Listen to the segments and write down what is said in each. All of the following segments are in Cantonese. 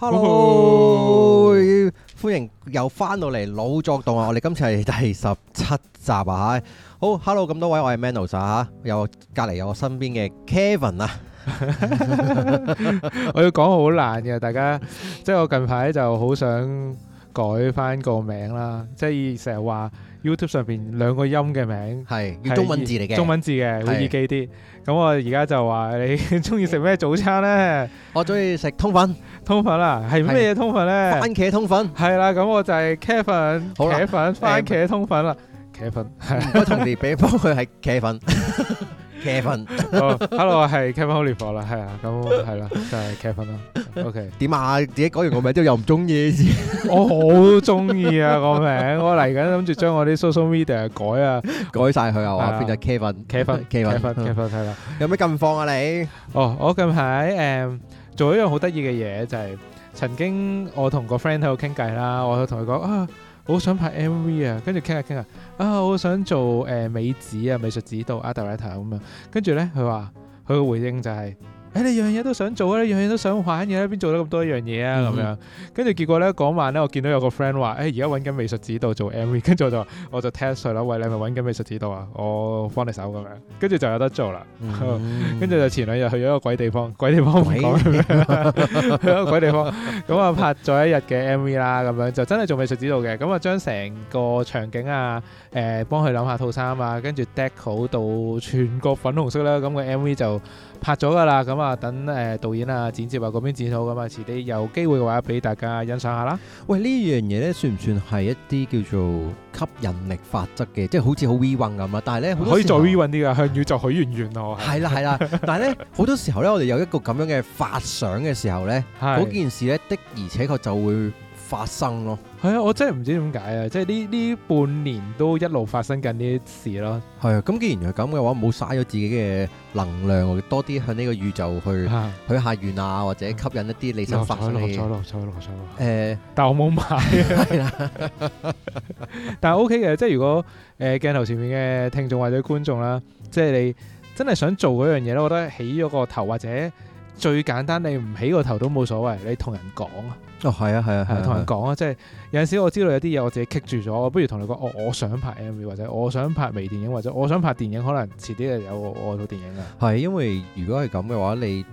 Hello，歡迎又翻到嚟《老作動》啊！我哋今次係第十七集啊。好，Hello，咁多位，我係 Manos 吓，又隔籬有我身邊嘅 Kevin 啊。我要講好難嘅，大家，即係我近排就好想改翻個名啦，即係成日話。YouTube 上邊兩個音嘅名係中文字嚟嘅，中文字嘅會是易記啲。咁我而家就話你中意食咩早餐咧？我中意食通粉。通粉啊，係咩嘢通粉咧？番茄通粉。係啦，咁我就係茄粉，茄粉，番茄通粉啦。茄粉，我同時俾幫佢係茄粉。Kevin，Hello，我係 Kevin Oliver 啦，係啊，咁係啦，就係 Kevin 啦。OK，點啊？自己改完個名之後又唔中意？我好中意啊個名，我嚟緊諗住將我啲 social media 改啊，改晒佢啊，變咗 Kevin，Kevin，Kevin，Kevin，係啦。有咩近況啊你？哦，我近排誒做一樣好得意嘅嘢，就係曾經我同個 friend 喺度傾偈啦，我同佢講啊。好想拍 MV 啊，跟住傾下傾下，啊，我想做誒、呃、美子啊，美術指導、Art Director 咁樣，跟住咧，佢話佢嘅回應就係、是。誒、哎，你樣樣嘢都想做啊，你樣樣嘢都想玩嘅，你邊做咗咁多樣嘢啊？咁、嗯、樣，跟住結果咧，嗰晚咧，我見到有個 friend 話，誒、哎，而家搵緊美術指導做 MV，跟住我就我就 test 佢啦，喂，你係咪搵緊美術指導啊？我幫你手咁樣，跟住就有得做啦。跟住、嗯、就前兩日去咗一個鬼地方，鬼地方唔講，一個鬼地方，咁啊 拍咗一日嘅 MV 啦，咁樣就真係做美術指導嘅，咁啊將成個場景啊，誒、呃、幫佢諗下套衫啊，跟住 deco 到全個粉紅色啦，咁、那個 MV 就。拍咗噶啦，咁啊等誒導演啊剪接啊，嗰邊剪好咁啊，遲啲有機會嘅話俾大家欣賞下啦。喂，呢樣嘢咧算唔算係一啲叫做吸引力法則嘅？即係好似好 we run 咁啊！但係咧，可以再 we run 啲噶，向宇宙許願願咯。係啦係啦，但係咧好多時候咧，我哋有一個咁樣嘅發想嘅時候咧，嗰件事咧的而且確就會。發生咯，係啊，我真係唔知點解啊，即係呢呢半年都一路發生緊呢啲事咯。係啊，咁既然係咁嘅話，冇嘥咗自己嘅能量，多啲向呢個宇宙去的去下願啊，或者吸引一啲你想發生嘅。誒，欸、但我冇買啊。 是的 但係 O K 嘅，即係如果誒呃、鏡頭前面嘅聽眾或者觀眾啦，即係你真係想做嗰樣嘢咧，我覺得起咗個頭，或者最簡單你唔起個頭都冇所謂，你同人講啊。哦，係啊，係啊，係啊，同你講啊，即係有陣時我知道有啲嘢我自己棘住咗，不如同你講，我、哦、我想拍 MV 或者我想拍微電影或者我想拍電影，可能遲啲就有我套電影啊。係因為如果係咁嘅話，你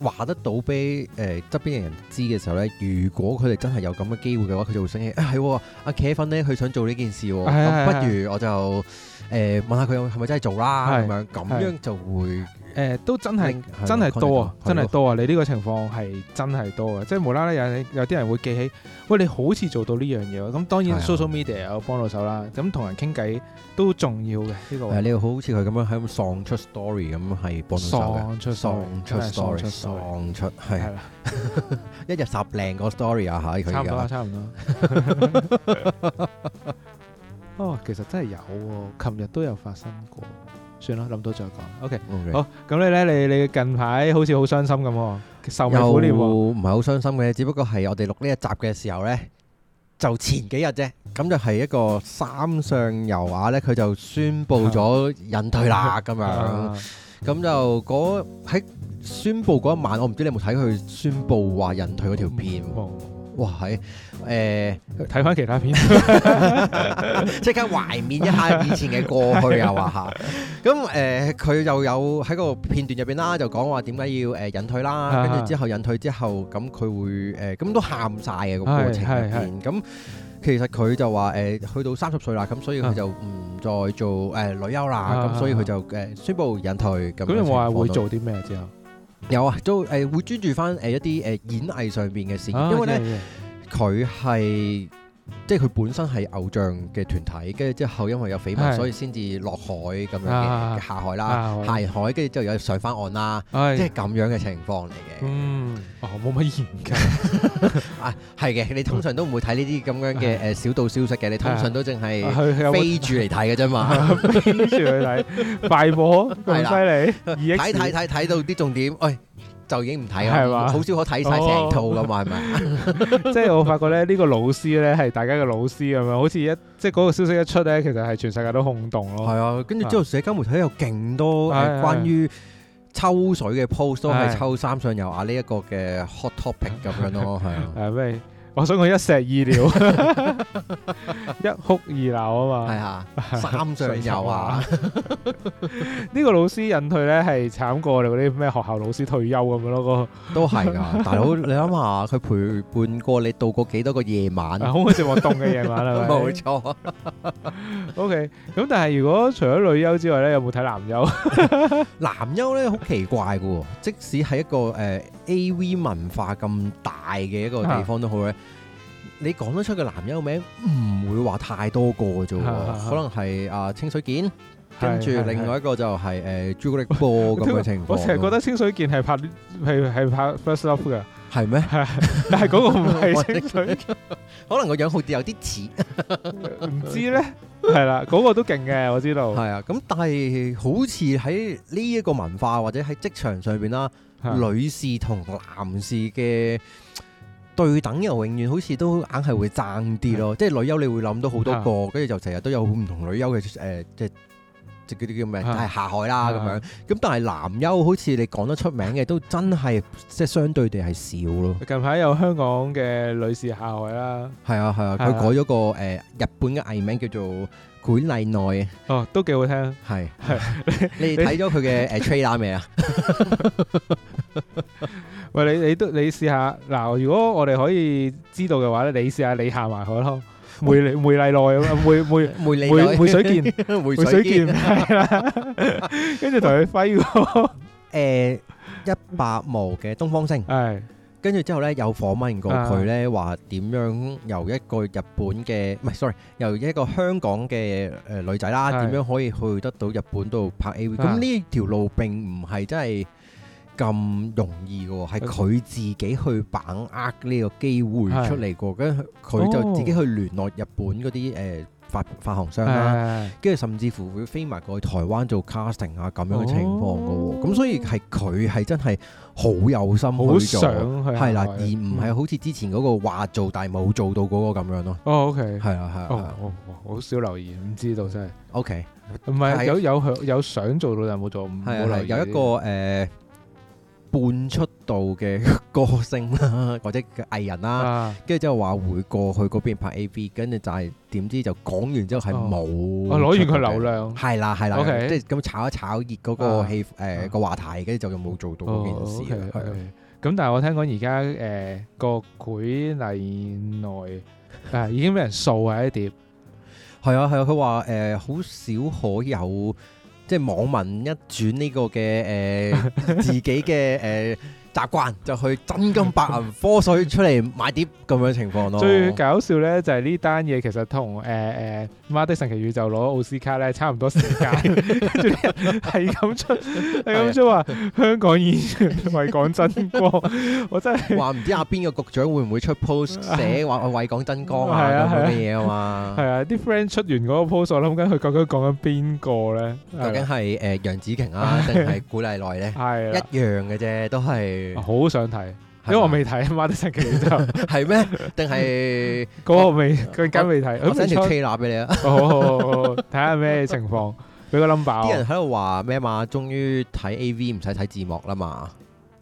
話得到俾誒側邊嘅人知嘅時候咧，如果佢哋真係有咁嘅機會嘅話，佢就會想起、哎、啊，阿茄粉咧，佢想做呢件事喎，啊、不如我就。誒問下佢係咪真係做啦？咁樣咁樣就會誒都真係真係多啊！真係多啊！你呢個情況係真係多啊！即係無啦啦有有啲人會記起，喂，你好似做到呢樣嘢咁，當然 social media 有幫到手啦。咁同人傾偈都重要嘅呢個。係你要好似佢咁樣喺度喪出 story 咁係幫到手嘅。喪出喪出 story，喪出係。一日十零個 story 啊嚇，可以。差唔多，差唔多。哦，其實真係有喎，哦，琴日都有發生過。算啦，諗到再講。O Okay, K，okay. 好。咁你咧，你你近排好似好傷心咁，愁眉苦臉喎。唔係好傷心嘅，只不過係我哋錄呢一集嘅時候呢，就前幾日啫。咁就係一個三上悠亞呢佢就宣布咗引退啦，咁、啊、樣。咁、啊、就嗰喺宣布嗰一晚，嗯、我唔知你有冇睇佢宣布話引退嗰條片。嗯嗯嗯。哇係，誒睇翻其他片，即 刻懷念一下以前嘅過去又話嚇，咁誒佢就有喺個片段入邊啦，就講話點解要誒引退啦，跟住之後引退之後，咁佢會誒咁、呃、都喊晒嘅個過程咁是其實佢就話誒、呃、去到三十歲啦，咁所以佢就唔再做誒女優啦，咁、呃、是所以佢就誒宣布引退。咁有冇話會做啲咩之後？有啊，都誒、呃、會專注翻誒一啲誒、呃呃、演藝上邊嘅事，因為咧佢係。Oh, yeah, yeah. 即係佢本身係偶像嘅團體，跟住之後因為有緋聞，所以先至落海咁樣下海啦，下海跟住之後有上翻岸啦，即係咁樣嘅情況嚟嘅。嗯，冇乜研究啊，係嘅，你通常都唔會睇呢啲咁樣嘅誒小道消息嘅，你通常都淨係飛住嚟睇嘅啫嘛，飛住嚟睇快播，咁犀利，睇睇睇睇到啲重點，喂。就已經唔睇啊，好吧、嗯、少可睇曬成套噶嘛，係咪？即係我發覺咧，呢個老師咧係大家嘅老師咁樣，好似一即係嗰個消息一出咧，其實係全世界都轟動咯。係啊，跟住之後，社交媒體有勁多係關於抽水嘅 post、啊啊、都係抽三上悠亞呢一個嘅 hot topic 咁樣咯，係啊。我想佢一石二鳥， 一哭二鬧啊嘛，係 啊，三上悠 啊，呢 個老師引退咧係慘過我哋嗰啲咩學校老師退休咁樣咯，個 都係噶、啊，大佬你諗下佢陪伴過你度過幾多個夜晚、 啊、可可我夜晚好唔好？直話凍嘅夜晚啊，冇錯。O K，咁但係如果除咗女優之外咧，有冇睇男優？ 男優咧好奇怪噶，即使係一個誒。呃 A.V. 文化咁大嘅一個地方都好咧，啊、你講得出個男人個名唔會話太多個啫，啊、可能係啊、呃、清水健，是跟住另外一個就係、是、誒是、呃、朱古力波咁嘅情況。我成日覺得清水健係拍係係拍 First Love 嘅，係咩嗎？ 但係嗰個唔係清水， 可能個樣好似有啲似，唔 知咧。係啦，嗰、嗰個都勁嘅，我知道。係啊，咁但係好似喺呢一個文化或者喺職場上邊啦。女士同男士嘅對等又永遠好似都硬係會爭啲咯，的即係女優你會諗到好多個，跟住的就成日都有唔同女優嘅，誒、呃，即係即嗰啲叫咩？係的下海啦咁的樣。咁但係男優好似你講得出名嘅都真係即係相對地係少咯。近排有香港嘅女士下海啦，係啊係啊，佢改咗個誒、呃、日本嘅藝名叫做。梅麗奈哦，都幾好聽，係係，你你睇咗佢嘅誒 trade 啦未啊？喂，你你都你試下嗱，如果我哋可以知道嘅話咧，你試下你行埋去咯，梅梅麗奈，梅梅梅梅梅水劍，梅水劍，係啦，跟住同佢揮個誒一百毛嘅東方星，係。跟住之後呢，有訪問過佢呢，話點樣由一個日本嘅唔係，sorry，由一個香港嘅誒、呃、女仔啦，點樣可以去得到日本度拍 AV？咁呢條路並唔係真係咁容易嘅，係佢自己去把握呢個機會出嚟過，跟住佢就自己去聯絡日本嗰啲誒。發發行商啦，跟住甚至乎會飛埋過去台灣做 casting 啊，咁樣嘅情況噶，咁所以係佢係真係好有心好想去做，係啦，而唔係好似之前嗰個話做但係冇做到嗰個咁樣咯。哦，OK，係啊，係啊，好少留意，唔知道真係。OK，唔係有有有想做到但係冇做，唔係啊，有一個誒。半出道嘅歌星啦，或者嘅藝人啦，跟住之後話會過去嗰邊拍 AV，跟住就係、是、點知就講完之後係冇攞完佢流量，係啦係啦，即係咁炒一炒熱嗰個氣誒個話題，跟住、啊、就又冇做到嗰件事。咁但係我聽講而家誒個舉例內啊已經俾人掃喺一碟，係啊係啊，佢話誒好少可有。即係網民一轉呢個嘅誒，呃、 自己嘅誒。呃習慣就去真金白銀科水出嚟買啲咁樣情況咯。最搞笑咧就係呢單嘢，其實同誒誒《媽、呃呃、的神奇宇宙》攞奧斯卡咧差唔多時間，跟住係咁出係咁出話 對呀 香港演員為港爭光，我真係話唔知阿邊個局長會唔會出 post 寫話為港爭光啊咁樣嘅嘢啊嘛。係 啊，啲、嗯、friend、啊啊啊啊、出完嗰個 post，我諗緊佢究竟講緊邊個咧？究竟係誒楊紫瓊啊，定係古麗奈咧？係 對呀 一樣嘅啫，都係。好想睇，因為我未睇，孖啲新劇都係咩？定係嗰個未？佢跟未睇？我整條推拿俾你啊！好，好，好，好，睇下咩情況，俾個 number。啲人喺度話咩嘛？終於睇 AV 唔使睇字幕啦嘛！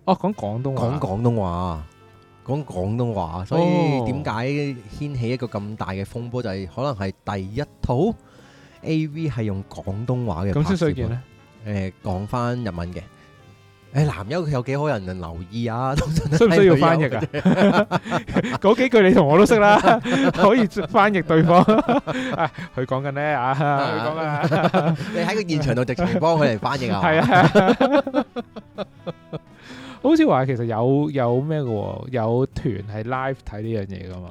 哦，講廣東講廣東話，講廣東話，所以點解掀起一個咁大嘅風波？就係可能係第一套 AV 係用廣東話嘅。咁所以呢？誒，講翻日文嘅。誒，男優佢有幾好人人留意啊？需唔 需要翻譯啊？嗰 幾句你同我都識啦， 可以翻譯對方。佢講緊咧啊，佢講啊，你喺個現場度直情幫佢嚟翻譯啊！係啊，好似話其實有有咩嘅喎？有團係 live 睇呢樣嘢噶嘛？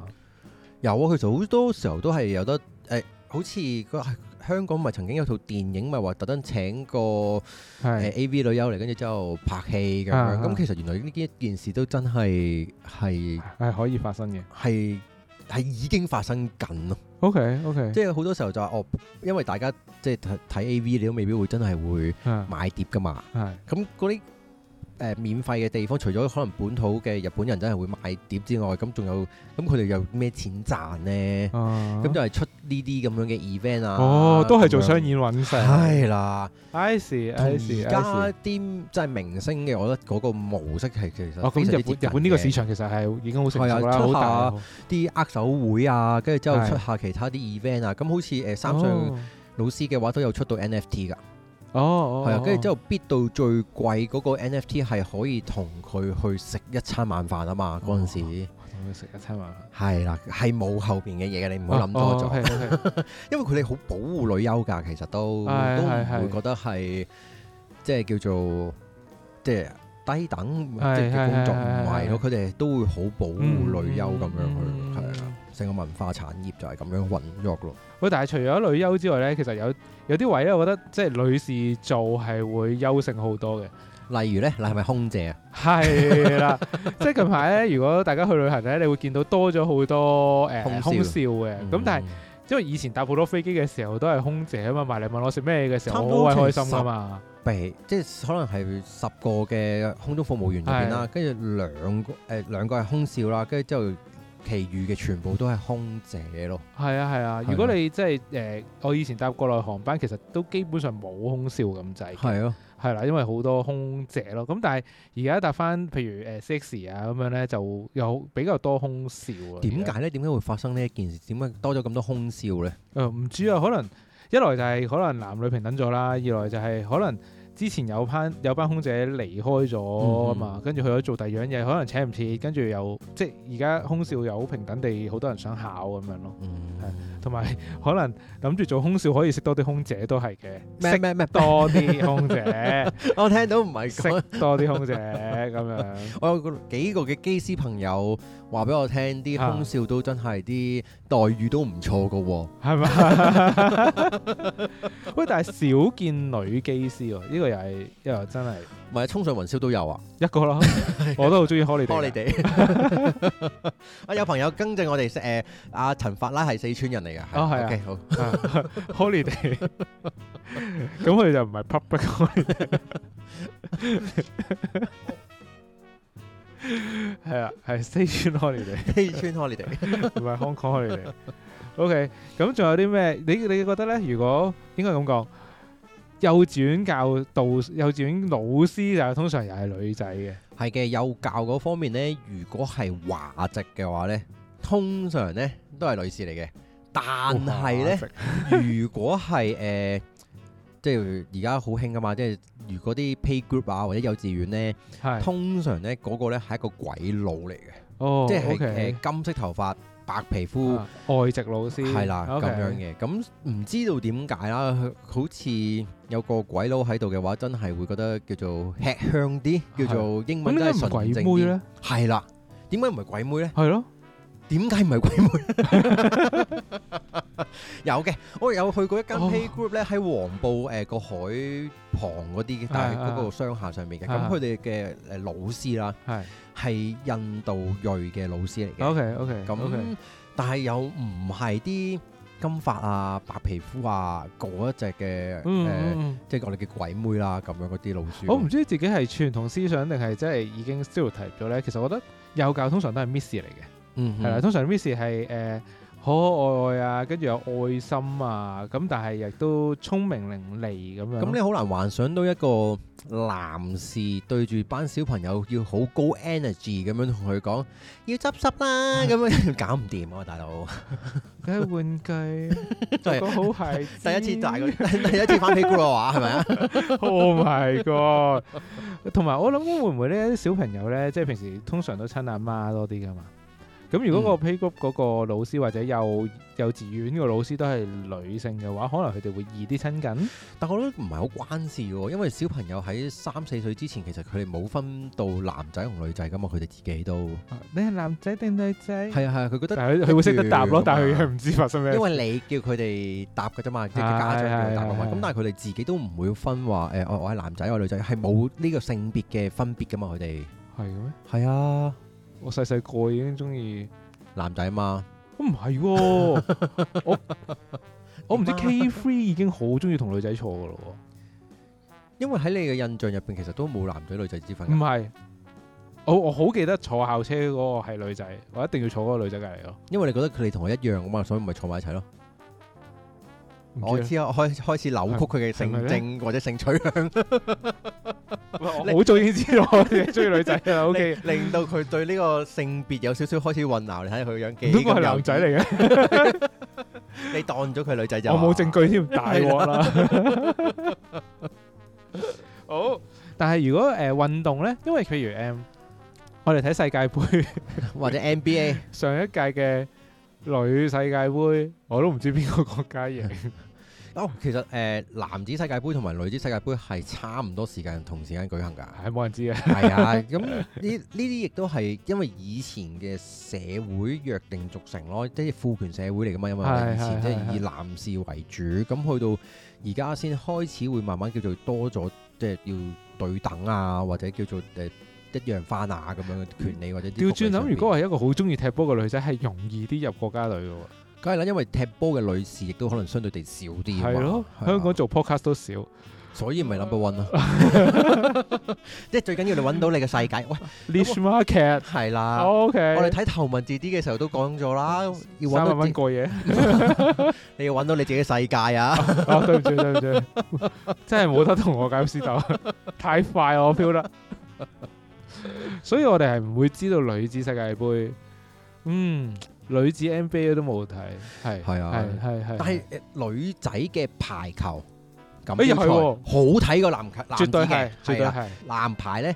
有啊，其實好多時候都係有得誒、欸，好似嗰、那個。香港咪曾經有套電影咪話特登請個係、呃、A.V. 女優嚟，跟住之後拍戲咁樣。咁、啊、其實原來呢件件事都真係係係可以發生嘅，係係已經發生緊咯。OK OK，即係好多時候就話哦，因為大家即係睇 A.V. 你都未必會真係會買碟噶嘛。咁嗰啲。啊那那誒、呃、免費嘅地方，除咗可能本土嘅日本人真係會買碟之外，咁、嗯、仲有咁佢哋又咩錢賺呢？咁、啊、就係出呢啲咁樣嘅 event 啊！哦，樣哦，都係做商演揾食，係啦了。I see, I see，同而家啲即係明星嘅，我覺得嗰個模式係其實哦，咁就日本呢個市場其實係已經好成熟啦。出下啲握手會啊，跟住之後出下其他啲 event 啊，咁是好似誒、呃、三上老師嘅話都有出到 NFT 噶。哦，係啊，跟住之後必到最貴嗰個 NFT 係可以同佢去食一餐晚飯啊嘛！嗰陣時，同佢食一餐晚飯，係啦，係冇後邊嘅嘢嘅，你唔好諗多咗。因為佢哋好保護女優㗎，其實都都唔會覺得係即係叫做即係低等即係工作，唔係咯。佢哋都會好保護女優咁樣去，係啊。成個文化產業就係咁樣運作咯。喂、嗯，但係除咗女優之外咧，其實有有啲位咧，我覺得即係女士做係會優勝好多嘅。例如咧，你係咪空姐啊？係啦，即係近排咧，如果大家去旅行咧，你會見到多咗好多誒、呃、空少 嘅。咁、嗯、但係因為以前搭好多飛機嘅時候都係空姐啊嘛，埋嚟問我食咩嘅時候，我好開心啊嘛。比即係可能係十個嘅空中服務員入邊啦，跟住兩個誒兩、呃、個係空少啦，跟住之後。其餘嘅全部都係空姐咯，係啊係啊。啊啊如果你即係誒，我以前搭國內航班，其實都基本上冇空少咁滯，係咯、啊，係啦、啊，因為好多空姐咯。咁但係而家搭翻譬如誒 CX 啊咁樣咧，就有比較多空少。點解咧？點解會發生呢一件事？點解多咗咁多空少咧？誒、嗯，唔知啊，可能一來就係可能男女平等咗啦，二來就係可能。之前有班有班空姐離開咗啊、嗯、嘛，跟住去咗做第二樣嘢，可能請唔切，跟住又即係而家空少又好平等地，好多人想考咁樣咯。係、嗯，同埋可能諗住做空少可以識多啲空姐都係嘅，咩咩麼識多啲空姐。空姐 我聽到唔係識多啲空姐咁樣，我有幾個嘅機師朋友話俾我聽啲空少都真係啲待遇都唔錯嘅喎，係咪？喂，但係少見女機師啊。呢、呢個。又係，因為真係，唔係衝上雲霄都有啊，一個咯，我都好中意 holiday，holiday。啊，有朋友糾正我哋，誒，阿陳法拉係四川人嚟噶，啊係啊，好 holiday。咁佢就唔係 public，係啊，係四川 holiday，四川 holiday，唔係香港 holiday。OK，咁仲有啲咩？你你覺得咧？如果應該咁講？幼稚園教導幼稚園老師就通常又係女仔嘅，係嘅。幼教嗰方面咧，如果係華籍嘅話咧，通常咧都係女士嚟嘅。但係咧，哦、 如果係誒、呃，即係而家好興噶嘛，即係如果啲 play group 啊或者幼稚園咧，是通常咧嗰、那個咧係一個鬼佬嚟嘅，哦、即係誒金色頭髮。Okay 白皮膚、啊、外籍老師係啦咁樣嘅，咁唔知道點解啦？好似有個鬼佬喺度嘅話，真係會覺得叫做吃香啲，的叫做英文都係純正啲。係啦、啊，點解唔係鬼妹咧？係咯。點解唔係鬼妹？ 有嘅，我有去過一間 play group 咧，喺黃埔誒個、呃、海旁嗰啲，oh, 但係嗰個商廈上面嘅。咁佢哋嘅誒老師啦，係係、uh, 是印度裔嘅老師嚟嘅。OK OK、嗯。咁 OK。但係又唔係啲金發啊、白皮膚啊嗰一隻嘅即係我哋嘅鬼妹啦、啊、咁樣嗰啲老鼠，我唔知自己係傳統思想定係真係已經 stereotype 咗咧。其實我覺得幼教通常都係 miss 嚟嘅。嗯，係啦，通常 Miss 係誒，可可愛愛啊，跟住有愛心啊，咁但係亦都聰明伶俐咁樣。咁、嗯、你好難幻想到一個男士對住班小朋友要好高 energy 咁樣同佢講要執拾啦，咁唉樣搞唔掂啊，大佬。你係換季，都 好係 第一次大，第一次翻起高啊，係咪啊？Oh my god！同埋 我諗，會唔會呢啲小朋友咧，即係平時通常都親阿媽多啲噶嘛？咁、嗯、如果個 play group 嗰個老師或者幼幼稚園嘅老師都係女性嘅話，可能佢哋會易啲親近。但我覺得唔係好關事喎，因為小朋友喺三四歲之前，其實佢哋冇分到男仔同女仔噶嘛，佢哋自己都你係男仔定女仔？係啊係啊，佢、啊、覺得佢會識得答咯，嗎但係佢係唔知發生咩，因為你叫佢哋答嘅啫嘛，即係、啊、家長叫佢答嘛。咁、啊、但係佢哋自己都唔會分話誒、呃，我係男仔，我女仔係冇呢個性別嘅分別噶嘛，佢哋係嘅咩？係啊。我細細個已經中意男仔嘛？哦、 我唔係、啊、我我唔知 K three 已經好中意同女仔坐噶咯。因為喺你嘅印象入邊，其實都冇男仔女仔之分。唔係我我好記得坐校車嗰個係女仔，我一定要坐嗰個女仔隔籬咯。因為你覺得佢哋同我一樣噶嘛，所以咪坐埋一齊咯。我知我開開始扭曲佢嘅性徵或者性取向是是。 好早已經知道我追女仔㗎，OK，令到佢對呢個性別有少少開始混淆，你睇下佢個樣，都係男仔嚟嘅。你當咗佢女仔就我冇證據添，大鑊啦！好，但係如果誒運動咧，因為譬如誒，我哋睇世界盃或者 NBA 上一屆嘅女世界盃，我都唔知邊個國家贏。哦、其實誒、呃、男子世界盃同埋女子世界盃係差唔多時間同時間舉行㗎，係冇人知啊。係啊的，咁呢呢啲亦都係因為以前嘅社會約定俗成咯，即係父權社會嚟㗎嘛，因為以前即係以男士為主，咁去的、嗯、到而家先開始會慢慢叫做多咗，即係要對等啊，或者叫做誒一樣返啊咁樣嘅權利或者啲。調轉諗，如果係一個好中意踢波嘅女仔，係容易啲入國家隊㗎喎。梗係啦，因為踢波嘅女士亦都可能相對地少啲。係咯，香港做 podcast 都少，所以唔係 number one 咯。即係最緊要你搵到你嘅世界。喂，niche market 係啦。OK，我哋睇頭文字 D 嘅時候都講咗啦，要搵到自己過嘢。你要搵到你自己世界啊！對唔住，對唔住，真係冇得同我搞釋就，太快我 feel 得。所以我哋係唔會知道女子世界杯。嗯。女子 NBA 都冇睇。係係啊，係係。但係誒，女仔嘅排球咁精彩，好睇過籃球，絕對係，絕對係。男排咧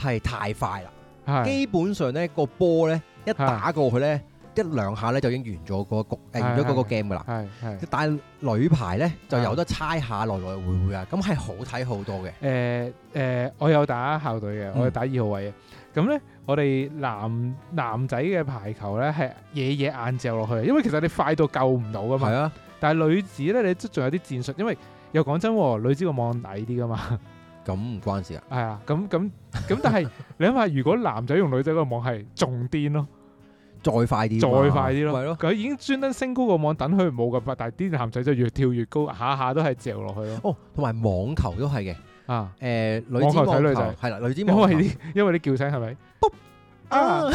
係太快啦，基本上咧個波咧一打過去咧一兩下咧就已經完咗個局，誒完咗嗰個 game 噶啦。係係。但係女排咧就有得猜下來來回回啊，咁係好睇好多嘅。誒誒，我有打校隊嘅，我係打二號位嘅。咁咧，我哋男男仔嘅排球咧係夜夜硬嚼落去，因為其實你快到救唔到噶嘛。係啊。但係女子咧，你仲有啲戰術，因為又講真，女子個網矮啲噶嘛。咁唔關事啊。係啊，咁咁咁，但係 你諗下，如果男仔用女仔個網，係仲癲咯，再快啲，再快啲咯。係咯，啊。佢已經專登升高個網，等佢冇咁快，但係啲男仔就越跳越高，下下都係嚼落去咯。哦，同埋網球都係嘅。啊，誒，女子網球係啦，女子網球，因為啲叫聲係咪？啊，唔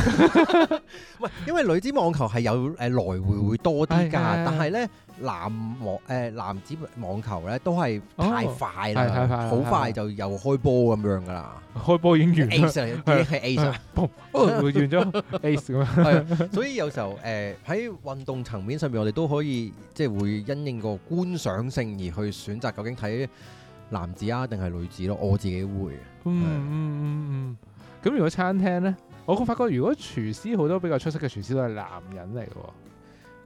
係，因為女子網球係有誒來回會多啲噶，但係咧男網誒男子網球咧都係太快啦，好快就又開波咁樣噶啦，開波已經完 ace 係 ace，boom，完咗 ace 咁樣，係，所以有時候誒喺運動層面上面，我哋都可以即係會因應個觀賞性而去選擇究竟睇。男子啊，定係女子咯、啊？我自己會。嗯嗯嗯嗯。咁是如果餐廳咧，我發覺如果廚師好多比較出色嘅廚師都係男人嚟嘅喎。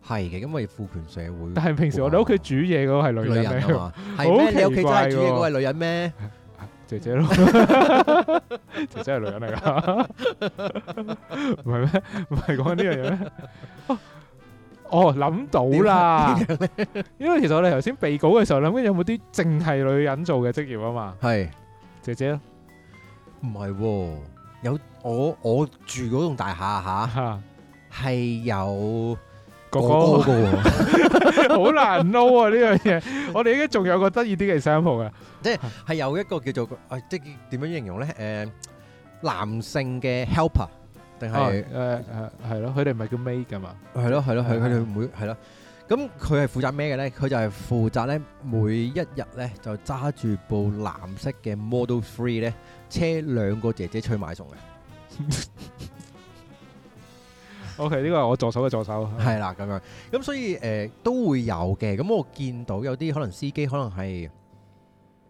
係嘅，因為父權社會。但係平時我哋屋企煮嘢嗰個係女人啊嘛。係咩？屋企真係煮嘢嗰個係女人咩、啊？姐姐咯， 姐姐係女人嚟㗎。唔係咩？唔係講緊呢樣嘢咩？啊哦，諗到啦，因為其實我哋頭先備稿嘅時候諗緊有冇啲淨係女人做嘅職業啊嘛。係姐姐咯，唔係喎，有我我住嗰棟大廈嚇係有哥哥嘅喎，好難 know 啊呢樣嘢，我哋依家仲有個得意啲嘅 sample 嘅，即係係有一個叫做誒即點樣形容咧？誒男性嘅 helper。定係誒係係咯，佢哋唔係叫 May 噶嘛？係咯係咯係，佢哋唔會係咯。咁佢係負責咩嘅咧？佢就係負責咧，每一日咧就揸住部藍色嘅 Model Three 咧，車兩個姐姐出去買餸嘅。OK，呢個係我助手嘅助手。係啦，咁樣咁所以誒都會有嘅。咁我見到有啲可能司機可能係。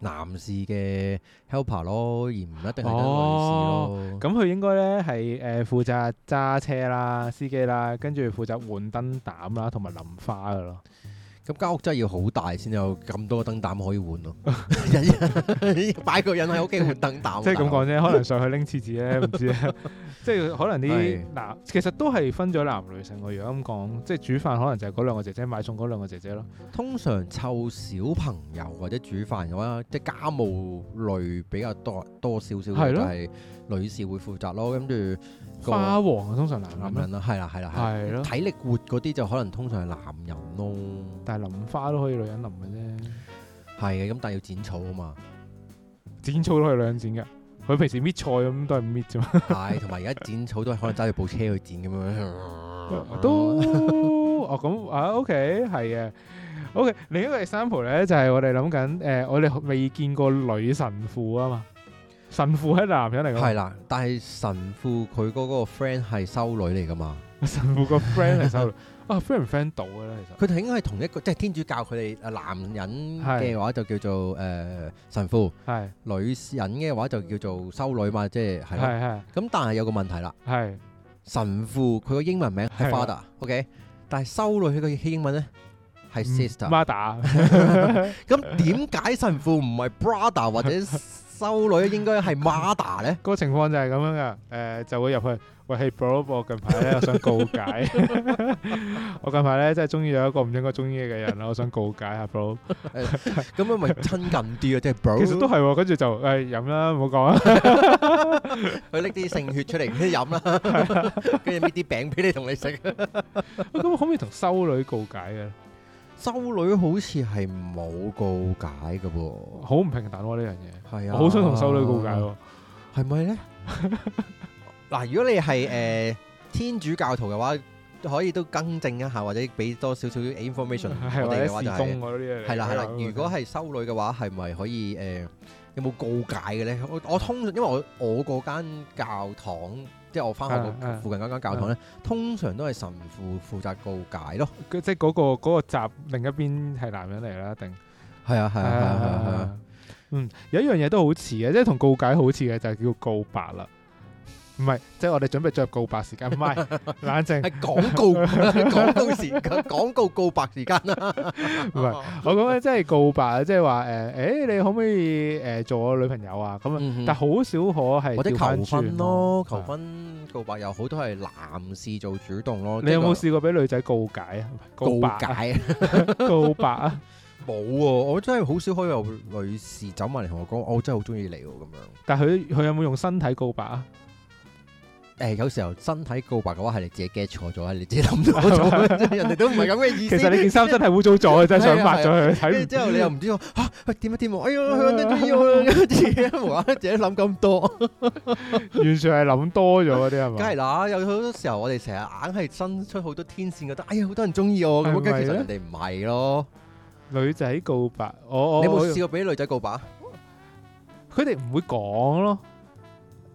男士嘅 helper 咯，而唔一定係女士咯。咁佢、哦、應該呢係誒、呃、負責揸車啦、司機啦，跟住負責換燈膽啦，同埋淋花嘅咯。咁間屋真係要好大先有咁多燈膽可以換咯，啊，擺 個人喺屋企換燈膽，膽。即係咁講啫，可能上去拎廁紙咧，唔知啊。即 係可能啲嗱，的其實都係分咗男女性個樣咁講，即係、就是、煮飯可能就係嗰兩個姐姐買餸嗰兩個姐姐咯。通常湊小朋友或者煮飯嘅話，即、就、係、是、家務類比較多多少少嘅係。女士會負責咯，跟住、那個、花王啊，通常男人咯，係啦，係啦嗎，係咯，的體力活嗰啲就可能通常係男人咯。但係淋花都可以女人淋嘅啫，係嘅。咁但係要剪草啊嘛，剪草都係女人剪嘅。佢平時搣菜咁都係搣啫嘛。係，同埋而家剪草都係可能揸住部車去剪咁樣。都哦咁啊，OK，係嘅，OK。另一個 example 咧就係、是、我哋諗緊，誒、呃，我哋未見過女神父啊嘛。神父係男人嚟噶。係啦，但係神父佢嗰個 friend 係修女嚟噶嘛？神父個 friend 係修女啊，friend 唔 friend 到嘅咧？其實佢哋應該係同一個，即係天主教佢哋誒，男人嘅話就叫做誒神父，係女人嘅話就叫做修女嘛，即係係係。咁但係有個問題啦，係神父佢個英文名係 father，ok，但係修女佢個英文咧係 sister，mother。咁點解神父唔係 brother 或者？修女應該係 Mada 咧，個情況就係咁樣噶，誒、呃、就會入去喂係、hey, Bro，我近排咧我想告解， 我近排咧真係中意有一個唔應該中意嘅人啦，我想告解下 Bro，咁 樣咪親近啲啊，即係 Bro，其實都係，跟住就誒飲啦，唔好講啦。佢拎啲聖血出嚟先飲啦，跟住搣啲餅俾你同你食，咁、 啊、可唔可以同修女告解啊？修女好似係冇告解嘅噃。好唔平等喎呢樣嘢。係啊，啊啊我好想同修女告解喎、啊。係咪咧？嗱， 如果你係誒、呃、天主教徒嘅話，可以都更正一下，或者俾多少少 information 是我哋嘅話就係、是。係啦係啦，如果係修女嘅話，係咪可以誒、呃？有冇告解嘅咧？我我通常因為我我嗰間教堂。即係我翻去附近嗰間教堂咧，啊啊、通常都係神父負責告解咯。即係嗰、那個嗰、那個、集另一邊係男人嚟啦，一定係啊係啊係啊係啊。嗯，有一樣嘢都好似嘅，即係同告解好似嘅，就係、是、叫告白啦。唔係，即係我哋準備進入告白時間。唔係，冷靜。係廣 告，廣告時間，廣告告白時間啦。唔係，我講咧，即係告白啊，即係話誒，誒、欸，你可唔可以誒做我女朋友啊？咁啊，嗯、哼但係好少可係。或者求婚咯，求婚告白又好多係男士做主動咯。你有冇試過俾女仔告解啊？告白啊？告，解 告白啊？冇、 啊，我真係好少可以有女士走埋嚟同我講，我真係好中意你咁、啊、樣。但係佢佢有冇用身體告白啊？誒，有時候身體告白嘅話係你自己 get 錯咗啊！你自己諗錯咗，人哋都唔係咁嘅意思。其實你件衫真係污糟咗啊！真係想拍咗佢。之後你又唔知道吓，喂，點啊點啊！哎呀，好多人中意我，自己諗咁多，完全係諗多咗嗰啲係嘛？梗係啦，有好多時候我哋成日硬係伸出好多天線，覺得哎呀好多人中意我，其實人哋唔係咯。女仔告白，我我你有冇試過俾女仔告白？佢哋唔會講咯。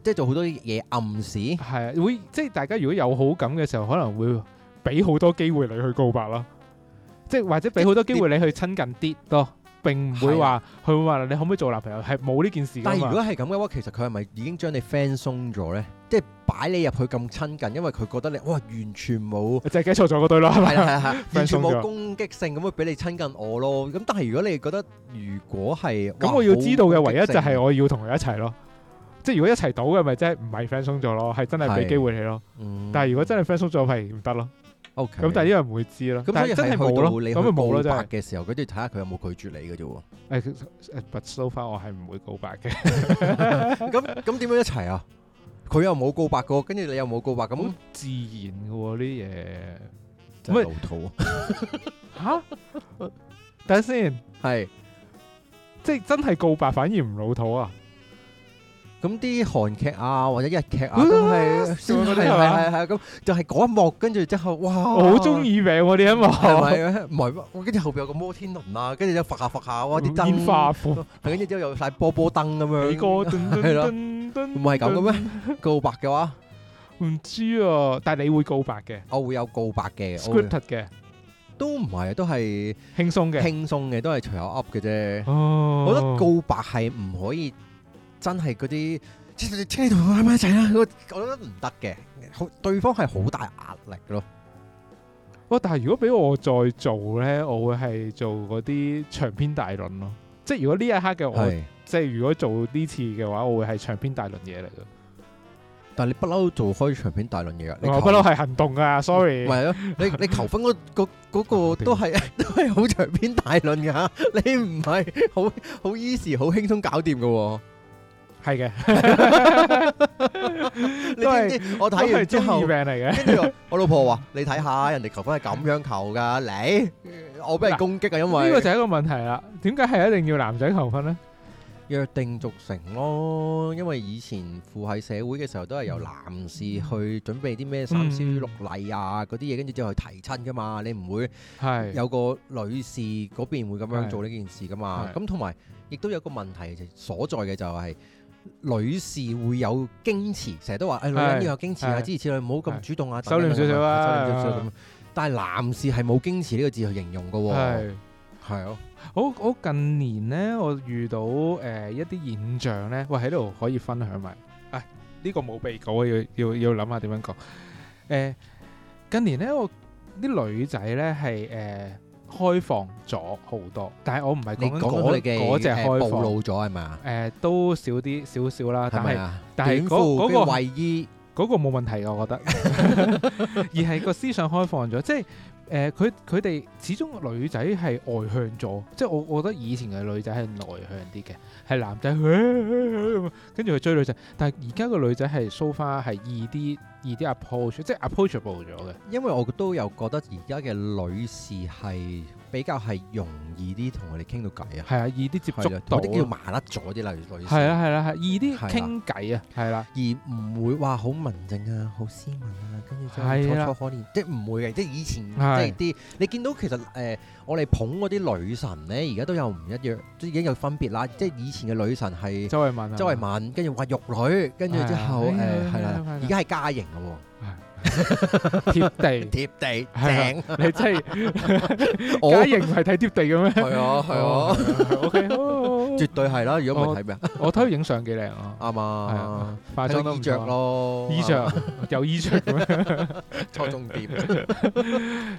即係做好多嘢暗示，係、啊、會即係大家如果有好感嘅時候，可能會俾好多機會你去告白啦，即係或者俾好多機會你去親近啲咯，你並唔會話佢、啊、會話你可唔可以做男朋友，係冇呢件事噶嘛。但係如果係咁嘅話，其實佢係咪已經將你 friendzone 咗咧？即係擺你入去咁親近，因為佢覺得你哇完全冇，即係記錯咗嗰對咯，係係係完全冇攻擊性，咁會俾你親近我咯。咁但係如果你覺得如果係咁，我要知道嘅唯一就係我要同佢一齊咯。即係如果一齊賭嘅咪即係唔係 friend 送咗咯，係真係俾機會你咯。但係如果真係 friend 送咗，係唔得咯。O K。咁但係因為唔會知咯。咁所以係去到你去告白嘅時候，跟住睇下佢有冇拒絕你嘅啫。誒誒 But so far 我係唔會告白嘅。咁咁點樣一齊啊？佢又冇告白過，跟住你又冇告白，咁自然呢啲嘢真係老土啊！吓？等下先，係即係真係告白反而唔老土啊？咁啲韓劇啊或者日劇啊都係，係係係咁，就係嗰一幕，跟住之後哇，我好中意名嗰啲一幕，係咪？唔係，我跟住後邊有個摩天輪啊，跟住之後滑下滑下，哇！啲燈，煙花，係跟住之後有晒波波燈咁樣，係咯，唔係咁嘅咩？告白嘅話，唔知啊，但係你會告白嘅，我會有告白嘅，script 嘅，都唔係，都係輕鬆嘅，輕鬆嘅，都係隨口 up 嘅啫。我覺得告白係唔可以。真係嗰啲車同阿媽仔啦，我覺得唔得嘅。好，對方係好大壓力咯。哦，但係如果俾我再做咧，我會係做嗰啲長篇大論咯。即係如果呢一刻嘅我，是即係如果做呢次嘅話，我會係長篇大論嘢嚟嘅。但你不嬲做開長篇大論嘢啊？我不嬲係行動啊！Sorry，係咯，你你求婚嗰個都係都係好長篇大論嘅嚇。你唔係好好 easy 好輕鬆搞掂嘅喎？.係嘅，你知唔知我睇完之後，病嚟嘅。跟住我老婆話： 你睇下人哋求婚係咁樣求噶，你我俾人攻擊啊！因為呢個就係一個問題啦。點解係一定要男仔求婚呢？定呢約定俗成咯，因為以前父系社會嘅時候都係由男士去準備啲咩三書六禮啊嗰啲嘢，跟住、嗯、之後去提親噶嘛。你唔會係有個女士嗰邊會咁樣做呢件事噶嘛？咁同埋亦都有，有個問題所在嘅就係、是。女士會有矜持，成日都話：，誒、哎，女人要有矜持啊，對，之，之類，唔好咁主動啊。收斂少少啦，收斂少少咁。但係男士係冇矜持呢個字去形容嘅喎。係，係咯。好、啊，我近年咧，我遇到誒、呃、一啲現象咧，喂、呃，喺度可以分享埋。啊，呢、這個冇備稿啊，要要要諗下點樣講。誒、呃，近年咧，我啲女仔咧係誒。開放咗好多，但係我唔係講嗰嗰隻開放，老咗係嘛？誒、呃，都少啲少少啦，但係、啊、但係嗰嗰個衞衣嗰個冇問題嘅，我覺得， 而係個思想開放咗，即係。誒佢佢哋始終女仔係外向咗，即係我，我覺得以前嘅女仔係內向啲嘅，係男仔去 跟住去追女仔，但係而家個女仔係 so far 係易啲，易啲，approach 即係 approachable 咗嘅，因為我都有覺得而家嘅女士係。比較係容易啲同我哋傾到偈啊，係啊，易啲接觸，多啲叫麻甩咗啲，例如女，係啊係啦係，易啲傾偈啊，係啦，而唔會話好文靜啊，好斯文啊，跟住就，楚楚可憐，即係唔會嘅，即係以前即係啲你見到其實誒我哋捧嗰啲女神咧，而家都有唔一樣，即已經有分別啦，即係以前嘅女神係周慧敏，周慧敏，跟住話玉女，跟住之後誒係啦，而家係家型啦。貼地貼地，係啦，你真係，我認唔係睇貼地嘅咩？係啊係啊，O K，絕對係啦。如果唔係睇咩？我睇佢影相幾靚啊，啱啊，係啊，化妝都唔着咯，衣着有衣着咁樣，錯重點。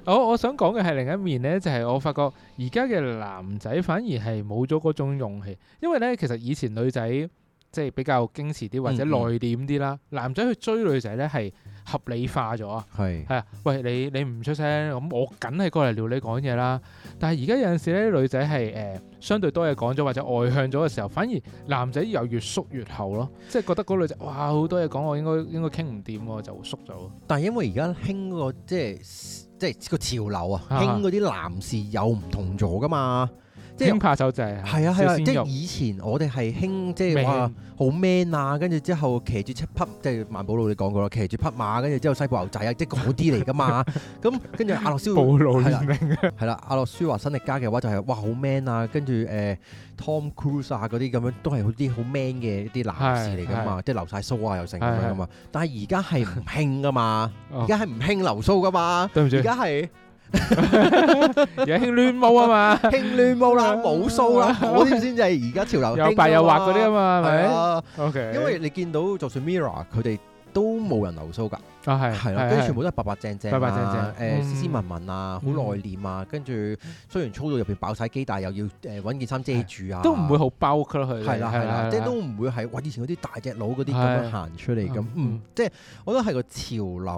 我我想講嘅係另一面咧，就係我發覺而家嘅男仔反而係冇咗嗰種勇氣，因為咧，其實以前女仔即係比較矜持啲或者內斂啲啦，男仔去追女仔咧係。合理化咗啊！係係啊，喂，你你唔出聲，咁我梗係過嚟撩你講嘢啦。但係而家有陣時咧，女仔係誒相對多嘢講咗，或者外向咗嘅時候，反而男仔又越縮越後咯。即係覺得嗰女仔哇，好多嘢講，我應該應該傾唔掂喎，就縮咗。但係因為而家興個即係即係個潮流啊，興嗰啲男士有唔同咗噶嘛。即係興拍手仔啊！係啊係啊！即係以前我哋係興即係話好 man 啊，跟住之後騎住七匹即係萬寶路你講過啦，騎住匹馬跟住之後西部牛仔啊，即係嗰啲嚟噶嘛。咁跟住阿諾舒華，係啦，阿諾舒華辛力加嘅話就係哇好 man 啊，跟住誒 Tom Cruise 啊嗰啲咁樣都係好啲好 man 嘅一啲男士嚟噶嘛，即係留曬鬚啊又成咁嘛。但係而家係唔興噶嘛，而家係唔興留鬚噶嘛，對唔住而家係。而家興亂毛啊嘛，興亂毛啦，冇鬚 啦，嗰啲先至係而家潮流，又白又滑嗰啲啊嘛，係咪？OK，因為你見到就算 Mirror 佢哋。都冇人留鬚㗎啊！係啦，跟住全部都係白白淨淨、白白淨淨，誒斯斯文文啊，好內斂啊。跟住雖然粗到入邊爆晒肌，但係又要誒揾件衫遮住啊，都唔會好暴露咯，係啦係啦，即係都唔會係哇！以前嗰啲大隻佬嗰啲咁樣行出嚟咁，即係我覺得係個潮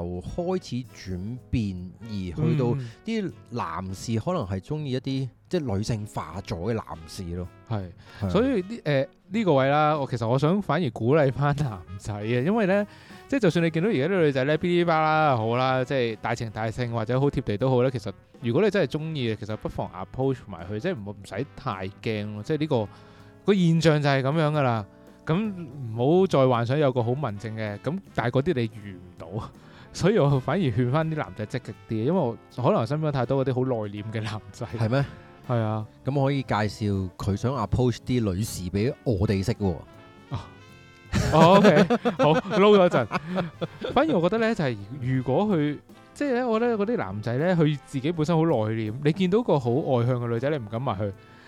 流開始轉變，而去到啲男士可能係中意一啲即係女性化咗嘅男士咯。係，所以呢誒呢個位啦，我其實我想反而鼓勵返男仔啊，因為咧。即係就算你見到而家啲女仔咧，噼哩啪啦好啦，即係大情大性或者好貼地都好啦。其實如果你真係中意，其實不妨 approach 埋佢，即係唔唔使太驚咯。即係呢個個現象就係咁樣噶啦。咁唔好再幻想有個好文靜嘅。咁但係啲你遇唔到，所以我反而勸翻啲男仔積極啲，因為我可能身邊太多嗰啲好內斂嘅男仔。係咩？係啊。咁可以介紹佢想 approach 啲女士俾我哋識喎。 o、oh, K，、okay. 好撈咗一陣， 反而我覺得咧就係如果佢即係咧，就是，我覺得嗰啲男仔咧，佢自己本身好內斂。你見到個好外向嘅女仔，你唔敢埋去；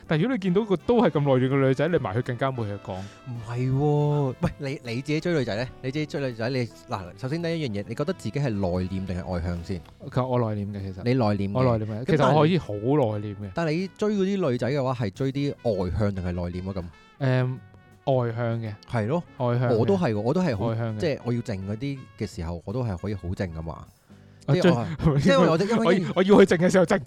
但如果你見到個都係咁內斂嘅女仔，你埋去更加冇嘢講。唔係，哦，喂，你你自己追女仔咧？你自己追女仔，你嗱，首先第一樣嘢，你覺得自己係內斂定係外向先？我內斂嘅，其實內你內斂，我內斂嘅，其實我可以好內斂嘅。但係你追嗰啲女仔嘅話，係追啲外向定係內斂啊？咁誒、嗯。外向嘅係咯，的外向我都係，我都係外向嘅，即係我要靜嗰啲嘅時候，我都係可以好靜噶嘛。即係我 即係因為，我要去靜嘅時候靜。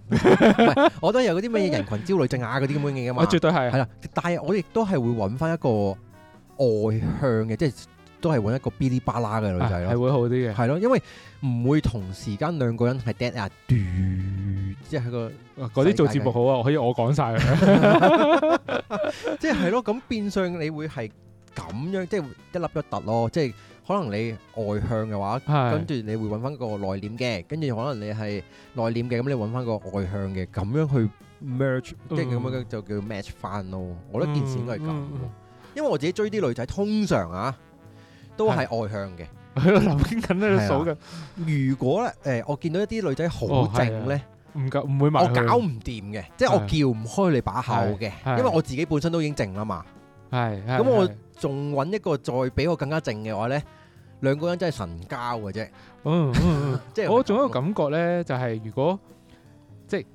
我都有嗰啲咩人群焦慮症啊嗰啲咁樣嘅嘢噶嘛，絕對係係啦。但係我亦都係會揾翻一個外向嘅，即係。都係揾一個嗶哩吧啦嘅女仔咯，係會好啲嘅，係咯，因為唔會同時間兩個人係 dead 啊嘟，即係個嗰啲做節目好啊，可以我講晒啦，即係係咯，咁變相你會係咁樣，即係一粒一突咯，即係可能你外向嘅話，跟住你會揾翻個內斂嘅，跟住可能你係內斂嘅，咁你揾翻個外向嘅，咁樣去 match，即係咁樣就叫 match 翻咯。我覺得件事應該係咁，因為我自己追啲女仔通常啊。都係外向嘅，喺度諗緊咧，數如果咧，誒、欸，我見到一啲女仔好靜咧，唔夠、哦，唔會麻我搞唔掂嘅，的即係我撬唔開你把口嘅，的因為我自己本身都已經靜啦嘛。係的，咁我仲揾一個再比我更加靜嘅話咧，兩個人真係神交嘅啫。嗯，即係我仲有一個感覺咧，就係、是、如果即係。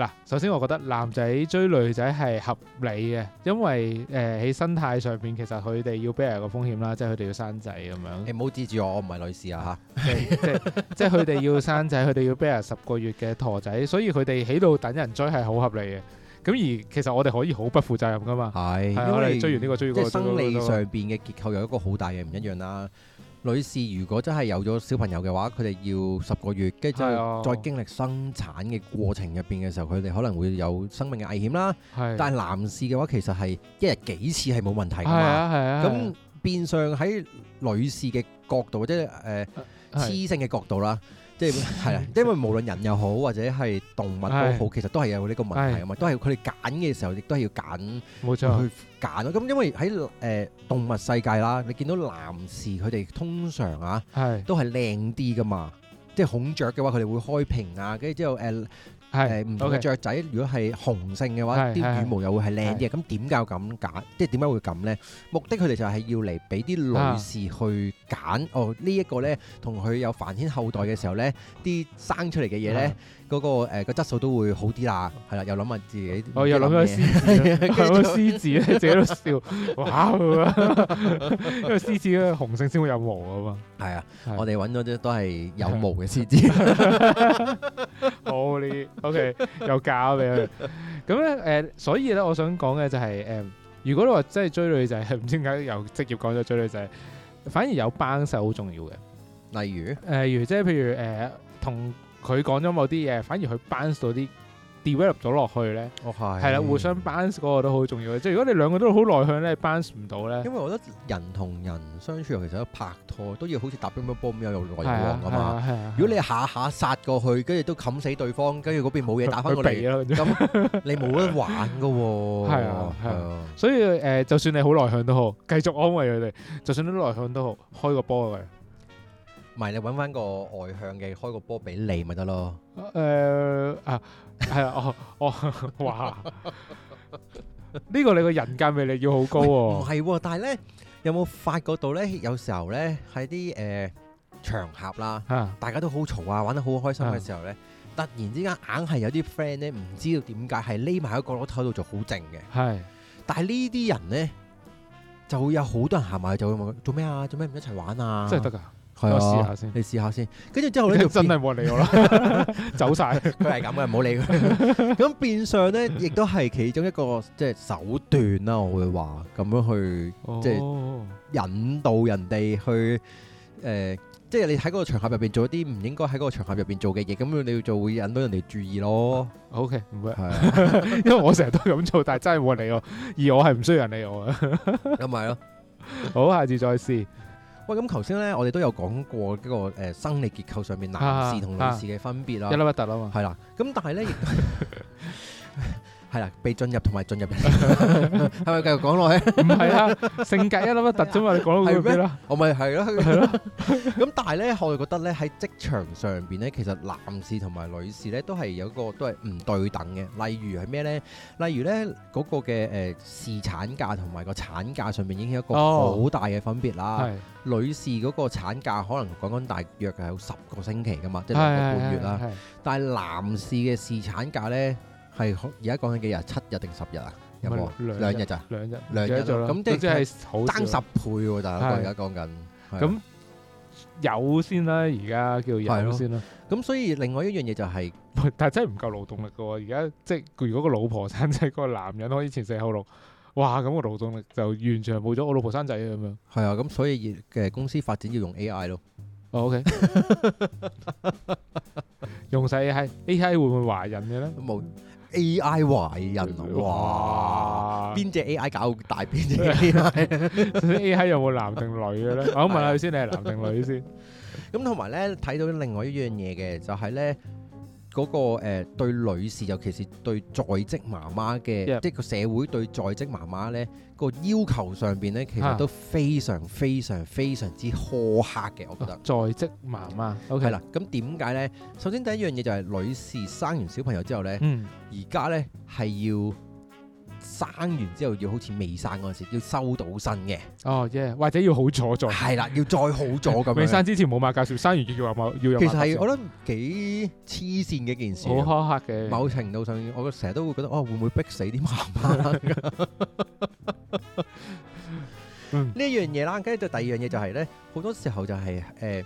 嗱，首先我覺得男仔追女仔係合理嘅，因為誒喺、呃、生態上邊其實佢哋要 bear 個風險啦，即係佢哋要生仔咁樣。你唔好指住我，我唔係女士啊嚇！ 即係即係佢哋要生仔，佢哋 要 bear 十個月嘅陀仔，所以佢哋喺度等人追係好合理嘅。咁而其實我哋可以好不負責任噶嘛？係是，因為追完呢個追嗰個，即係、這個、生理上邊嘅結構有一個好大嘅唔一樣啦。女士如果真係有咗小朋友嘅話，佢哋要十個月，跟住再經歷生產嘅過程入邊嘅時候，佢哋可能會有生命嘅危險啦。是的 但係男士嘅話，其實係一日幾次係冇問題㗎嘛。咁變相喺女士嘅角度，即係誒雌性嘅角度啦。即係係啦， 因為無論人又好，或者係動物都好，的其實都係有呢個問題啊嘛，的都係佢哋揀嘅時候，亦都係要揀，冇錯去揀咯。咁因為喺誒、呃、動物世界啦，你見到男士佢哋通常啊，的都係靚啲㗎嘛，即係孔雀嘅話，佢哋會開屏啊，跟住之後誒。呃係，唔、呃、是同嘅雀仔，Okay. 如果係雄性嘅話，啲是羽毛又會係靚嘅。咁點解咁揀？即係點解會咁咧？目的佢哋就係要嚟俾啲女士去揀。啊、哦，這個、呢一個咧，同佢有繁衍後代嘅時候咧，啲生出嚟嘅嘢咧。嗰個誒個質素都會好啲啦，係啦，又諗下自己，我又諗緊獅，見到獅子咧，自己都笑，哇！因為獅子咧，雄性先會有毛啊嘛。係啊，我哋揾咗啲都係有毛嘅獅子。好啲，OK，有搞俾佢。咁咧誒，所以咧，我想講嘅就係誒，如果你話真係追女仔，係唔知點解由職業講咗追女仔，反而有幫手好重要嘅。例如，例如即係譬如誒同。佢講咗某啲嘢，反而佢 bounce 到啲 develop 咗落去咧，係啦，互相 bounce 嗰個都好重要嘅。即係如果你兩個都好內向咧 bounce 唔到咧，因為我覺得人同人相處，其實都拍拖都要好似打乒乓波咁有來往嘛。如果你下下殺過去，跟住都冚死對方，跟住嗰邊冇嘢打翻過嚟，咁你冇得玩噶喎。係啊，所以誒，就算你好內向都好，繼續安慰佢哋。就算你內向都好，開個波佢。同埋你揾翻個外向嘅開個波俾你咪得咯。誒啊，係啊，我 哇！呢、這個你個人格魅力要好高喎、哦。唔係、哦、但係咧有冇發覺到咧？有時候咧喺啲誒場合啦，啊、大家都好嘈啊，玩得好開心嘅時候咧，啊、突然之間硬係有啲 friend 咧唔知道點解係匿埋喺角落頭度就好靜嘅。係、啊。但係呢啲人咧就會有好多人行埋去就會問：做咩啊？做咩唔一齊玩啊？真係得㗎。對我試下先，你試下先，跟住之後咧就真係冇人理我啦， 走晒，佢係咁嘅，唔好理佢。咁 變相咧，亦都係其中一個即係、就是、手段啦、啊，我會話咁樣去即係、就是、引導人哋去誒，即、呃、係、就是、你喺嗰個場合入邊做啲唔應該喺嗰個場合入邊做嘅嘢，咁你要做會引到人哋注意咯。OK，唔會，係， 因為我成日都咁做，但係真係冇人理我，而我係唔需要人理我，咁咪咯。好，下次再試。喂，咁頭先咧，我哋都有講過嗰個誒、呃、生理結構上面，男士同女士嘅分別啦，一粒一凸啦嘛，係 啦樂，咁但係咧。 亦都 係啦，被進入同埋進入，係咪繼續講落去？唔係啊，性格一粒粒突啫嘛，你講到去邊啦？我咪係咯，係咯。咁但係咧，我哋覺得咧喺職場上邊咧，其實男士同埋女士咧都係有個都係唔對等嘅。例如係咩咧？例如咧嗰個嘅誒侍產假同埋個產假上邊，已經有一個好大嘅分別啦。女士嗰個產假可能講緊大約係有十個星期噶嘛，即係兩個半月啦。但係男士嘅侍產假咧。係而家講緊幾日？七日定十日啊？有冇兩日咋？兩日兩日咁即係爭十倍喎！大家而家講緊咁有先啦，而家叫有先啦。咁所以另外一樣嘢就係，但係真係唔夠勞動力㗎喎。而家即係如果個老婆生仔，個男人可以前四後六，哇！咁個勞動力就完全係冇咗。我老婆生仔咁樣係啊。咁所以嘅公司發展要用 AI 咯。OK，用曬係 AI 會唔會懷孕嘅咧？冇。A.I. 懷孕？哇！邊隻 A.I. 搞大邊隻 ？A.I. A.I. 有冇男定女嘅咧？ 我問下佢先， 你係男定女先？咁同埋咧，睇到另外一樣嘢嘅就係、是、咧。嗰、那個誒、呃、對女士，尤其是對在職媽媽嘅，Yeah. 即係個社會對在職媽媽呢個要求上邊呢，其實都非常非常非常之苛刻嘅，我覺得。哦、在職媽媽，OK 啦。咁點解呢？首先第一樣嘢就係女士生完小朋友之後呢，而家、嗯、呢係要。生完之後要好似未生嗰陣時要收到身嘅哦，即、oh, yeah. 或者要好咗再係啦，要再好咗咁 未生之前冇買介紹，生完越越話冇要有。其實係我諗幾黐線嘅件事，好苛刻嘅某程度上，我成日都會覺得哦，會唔會逼死啲媽媽呢一樣嘢啦？跟住第二樣嘢就係、是、咧，好多時候就係誒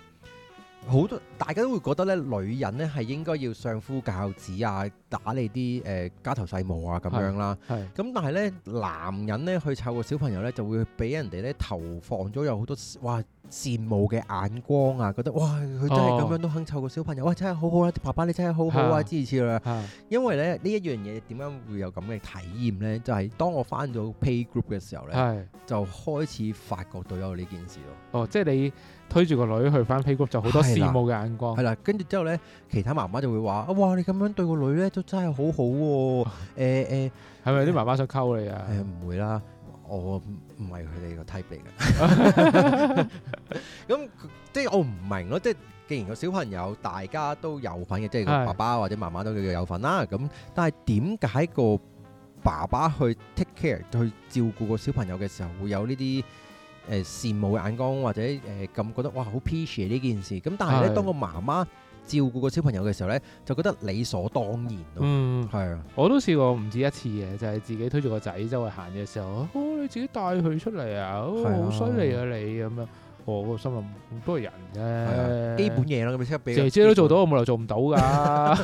好多大家都會覺得咧，女人咧係應該要相夫教子啊。打理啲誒家頭細務啊，咁樣啦。係咁的，但係呢，男人呢去湊個小朋友呢，就會俾人哋呢投放咗有好多哇羨慕嘅眼光啊，覺得哇佢真係咁樣都肯湊個小朋友，哦、哇真係好好啊，爸爸你真係好好啊，支持啦。的因為咧呢一樣嘢點樣會有咁嘅體驗呢？就係、是、當我翻咗 Playgroup 嘅時候呢，的就開始發覺到有呢件事咯。哦，即係你推住個女去翻 Playgroup 就好多羨慕嘅眼光。係啦，跟住之後呢，其他媽媽就會話、啊：哇，你咁樣對個女呢。」真係好好、啊、喎！誒、呃、誒，係咪啲媽媽想溝你啊？誒唔、呃、會啦，我唔係佢哋個 type 嚟嘅。咁即係我唔明咯，即係既然個小朋友大家都有份嘅，即係爸爸或者媽媽都叫做有份啦。咁是的 但係點解個爸爸去 take care 去照顧個小朋友嘅時候，會有呢啲誒羨慕嘅眼光，或者誒咁、呃、覺得哇好 petite 呢件事？咁但係咧，是的 當個媽媽。照顧個小朋友嘅時候咧，就覺得理所當然咯。嗯，係啊是，我都試過唔止一次嘅，就係、是、自己推住個仔周圍行嘅時候，哦，你自己帶佢出嚟、哦、啊，好犀利啊你咁樣，我、哦、個心諗都係人啫、啊啊，基本嘢啦，咁樣即刻俾姐姐都做到，我冇理由做唔到㗎，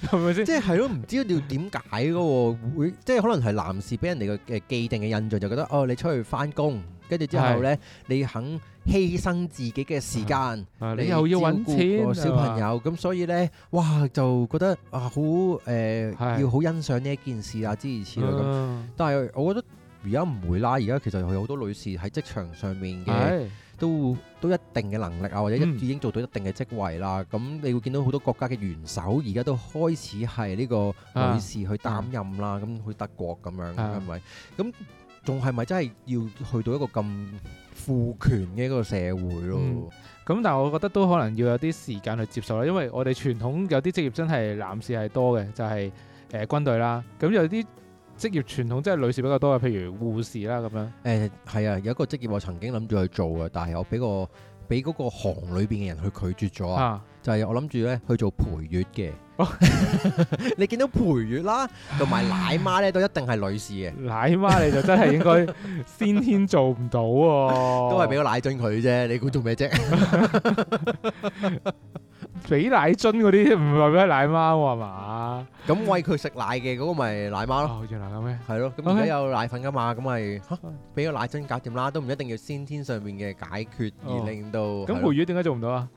係咪先？即係咯，唔知點點解嘅會，即係可能係男士俾人哋嘅既定嘅印象，就覺得哦，你出去翻工。跟住之後呢，你肯犧牲自己嘅時間，你又要揾錢個小朋友，咁所以呢，哇，就覺得啊，好誒，要好欣賞呢一件事啊，諸如此類啦。咁，但係我覺得而家唔會啦。而家其實有好多女士喺職場上面嘅，都都一定嘅能力啊，或者已經做到一定嘅職位啦。咁，你會見到好多國家嘅元首而家都開始係呢個女士去擔任啦。咁，去德國咁樣，係咪咁？仲係咪真係要去到一個咁賦權嘅一個社會咯？咁、嗯、但係我覺得都可能要有啲時間去接受啦，因為我哋傳統有啲職業真係男士係多嘅，就係、是、誒、呃、軍隊啦。咁有啲職業傳統真係女士比較多嘅，譬如護士啦咁樣。誒係、欸、啊，有一個職業我曾經諗住去做嘅，但係我俾個俾嗰個行裏邊嘅人去拒絕咗啊。就係我諗住咧去做陪月嘅，你見到陪月啦，同埋奶媽咧都一定係女士嘅。奶媽你就真係應該先天做唔到，都係俾個奶樽佢啫。你估做咩啫？俾奶樽嗰啲唔係咩奶媽係嘛？咁餵佢食奶嘅嗰個咪奶媽咯，好似嗱咁嘅，係咯。咁而家有奶粉噶嘛？咁咪吓俾個奶樽搞掂啦，都唔一定要先天上面嘅解決，而令到咁陪月點解做唔到啊？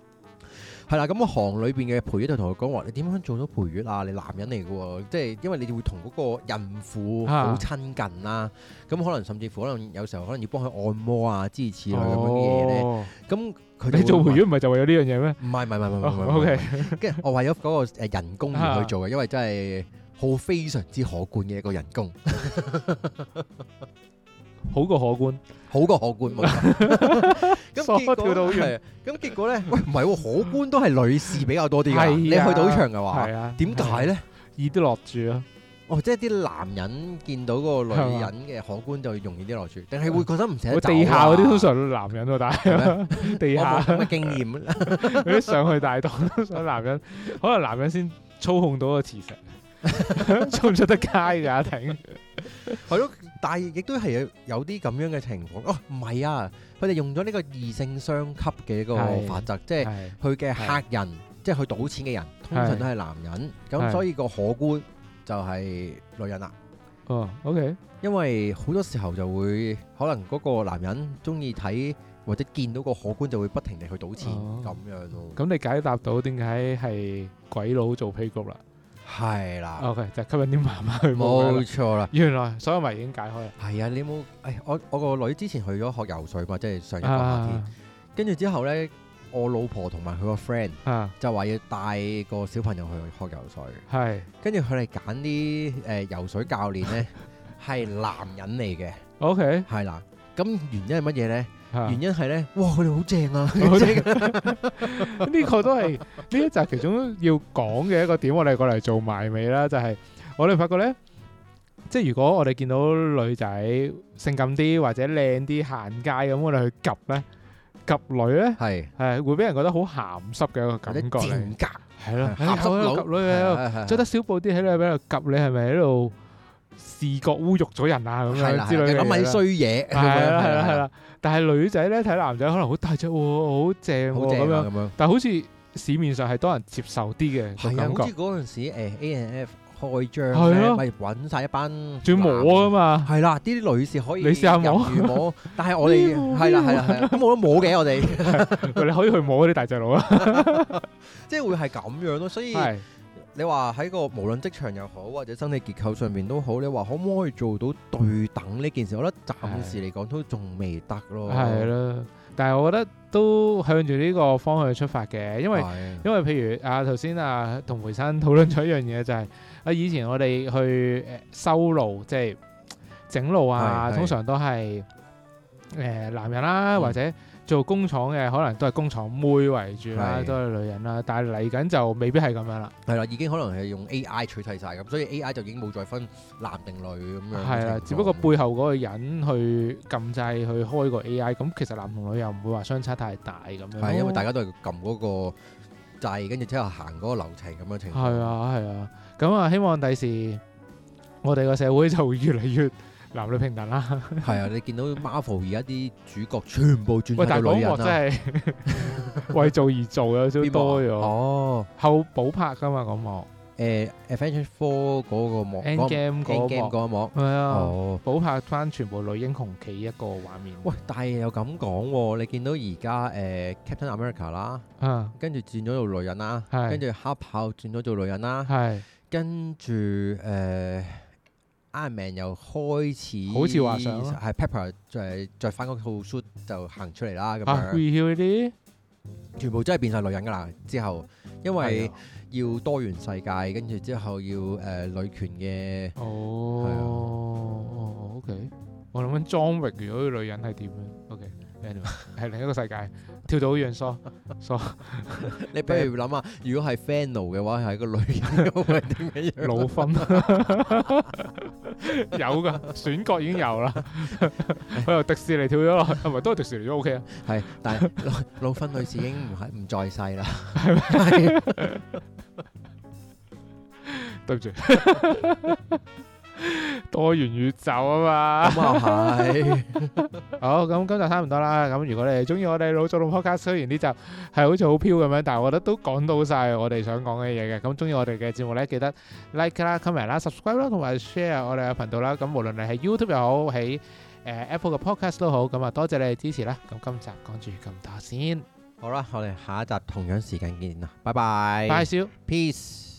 係啦，咁、嗯、行裏邊嘅陪月就同佢講話，你點樣做到陪月啊？你男人嚟嘅、哦，即係因為你會同嗰個孕婦好親近啦、啊，咁可能甚至乎可能有時候可能要幫佢按摩啊，支持佢咁樣嘅嘢咧。咁佢、哦、你做陪月唔係就為咗呢樣嘢咩？唔係，唔係，唔係，OK 跟住我為咗嗰個誒人工去做嘅，啊、因為真係好非常之可觀嘅一個人工。嗯 好過荷官，好過荷官，咁結跳到好，咁結果咧，喂，唔係荷官都係女士比較多啲㗎，你去賭場嘅話，點解咧？易啲落注啊？哦，即係啲男人見到個女人嘅荷官就容易啲落注，定係會覺得唔捨得走。地下嗰啲通常男人多，但係地下冇乜經驗，嗰啲上去大堂，都係男人，可能男人先操控到個賠率，出唔出得街㗎阿婷？係咯。但係亦都係有有啲咁樣嘅情況，哦，唔係啊，佢哋用咗呢個異性相級嘅一個法則，是即係佢嘅客人，是即係佢賭錢嘅人，通常都係男人，咁是所以個荷官就係女人啦。哦，OK，因為好多時候就會可能嗰個男人中意睇或者見到個荷官就會不停地去賭錢咁、哦、樣咯。咁你解答到點解係鬼佬做批局啦？係啦，OK，就吸引啲媽媽去。冇錯啦， 原來所有謎已經解開啦。係啊，你冇，誒、哎，我我個女之前去咗學游水嘛，即係上一個夏天。跟住、啊、之後咧，我老婆同埋佢個 friend 就話要帶個小朋友去學游水。係、啊。跟住佢哋揀啲誒游水教練咧，係 男人嚟嘅。OK。係啦，咁原因係乜嘢咧？原因係咧，哇！佢哋好正啊！呢個都係呢一集其中要講嘅一個點，我哋過嚟做埋尾啦。就係我哋發覺咧，即係如果我哋見到女仔性感啲或者靚啲行街咁，我哋去夾咧夾女咧，係係會俾人覺得好鹹濕嘅一個感覺。賤格，係啦，鹹濕佬夾女喺度，着得少布啲喺度，喺度夾你，係咪喺度視覺侮辱咗人啊？咁樣之類嘅咁咪衰嘢，係啦，係啦，係啦。但係女仔咧，睇男仔可能好大隻，哦、好正咁、哦啊、樣。但好似市面上係多人接受啲嘅的感覺。係啊，好似嗰陣時 A N F 開張係咯，咪搵晒一班。仲要摸啊嘛。係啦，啲女士可以女入住摸，試試摸，但係我哋係啦係啦，咁 我都摸嘅、啊、我哋 你可以去摸嗰啲大隻佬啊！ 即係會係咁樣咯，所以。你話喺個無論職場又好或者身體結構上面都好，你話可唔可以做到對等呢件事？我覺得暫時嚟講都仲未得咯。係咯，但係我覺得都向住呢個方向出發嘅，因為的因為譬如啊，頭先啊同梅生討論咗一樣嘢就係啊，以前我哋去誒修路即係整路啊，的通常都係誒、呃、男人啦、啊嗯、或者。做工廠嘅可能都係工廠妹為主啦，是的 都係女人啦。但係嚟緊就未必係咁樣啦。係啦，已經可能係用 AI 取替晒。咁，所以 AI 就已經冇再分男定女咁樣。係啊的，樣只不過背後嗰個人去撳掣去開個 AI，咁其實男同女又唔會話相差太大咁樣。係的、嗯、因為大家都係撳嗰個掣，跟住之後行嗰個流程咁樣情況。係啊，係啊，咁、嗯、啊、嗯，希望第時我哋個社會就會越嚟越。男女平等啦，係啊！你見到 Marvel 而家啲主角全部轉咗係女人啦喂，但係嗰幕真係為做而做，有少多咗。哦，後補拍噶嘛嗰幕？誒 Avengers Four 嗰個幕，Endgame 嗰個幕。係啊，補拍翻全部女英雄企一個畫面。喂，但係又咁講喎，你見到而家誒 Captain America 啦，跟住轉咗做女人啦，係，跟住黑豹轉咗做女人啦，係，跟住誒。Iron Man 又開始，好似話上係 Pepper 上就係再翻嗰套 suit 就行出嚟啦咁樣。啊，Will 啲全部真係變晒女人噶啦！之後因為要多元世界，跟住之後要誒、呃、女權嘅哦哦哦。啊哦、o、okay、K，我諗緊 z 域如果女人係點樣？O K，係另一個世界。跳到好樣衰，衰！你不如諗下，如果係 fan 奴嘅話，係個女人，係點樣？老芬有噶選角已經有啦， 由迪士尼跳咗，落去唔係都係迪士尼都 OK 啊？係， 但係老芬女士已經唔係唔在世啦，係咪？對唔住。多元宇宙啊嘛 好，咁又係，好，咁今集差唔多啦。咁如果你哋中意我哋老做到 podcast，雖然呢集係好似好飄咁樣，但係我覺得都講到晒我哋想講嘅嘢嘅。咁中意我哋嘅節目咧，記得 like 啦，comment 啦，subscribe 啦，同埋 share 我哋嘅頻道啦。咁無論你喺 YouTube 又好，喺誒 Apple 嘅 podcast 都好，咁啊多謝你哋支持啦。咁今集講住咁多先，好啦，我哋下一集同樣時間見啦，拜拜，拜 peace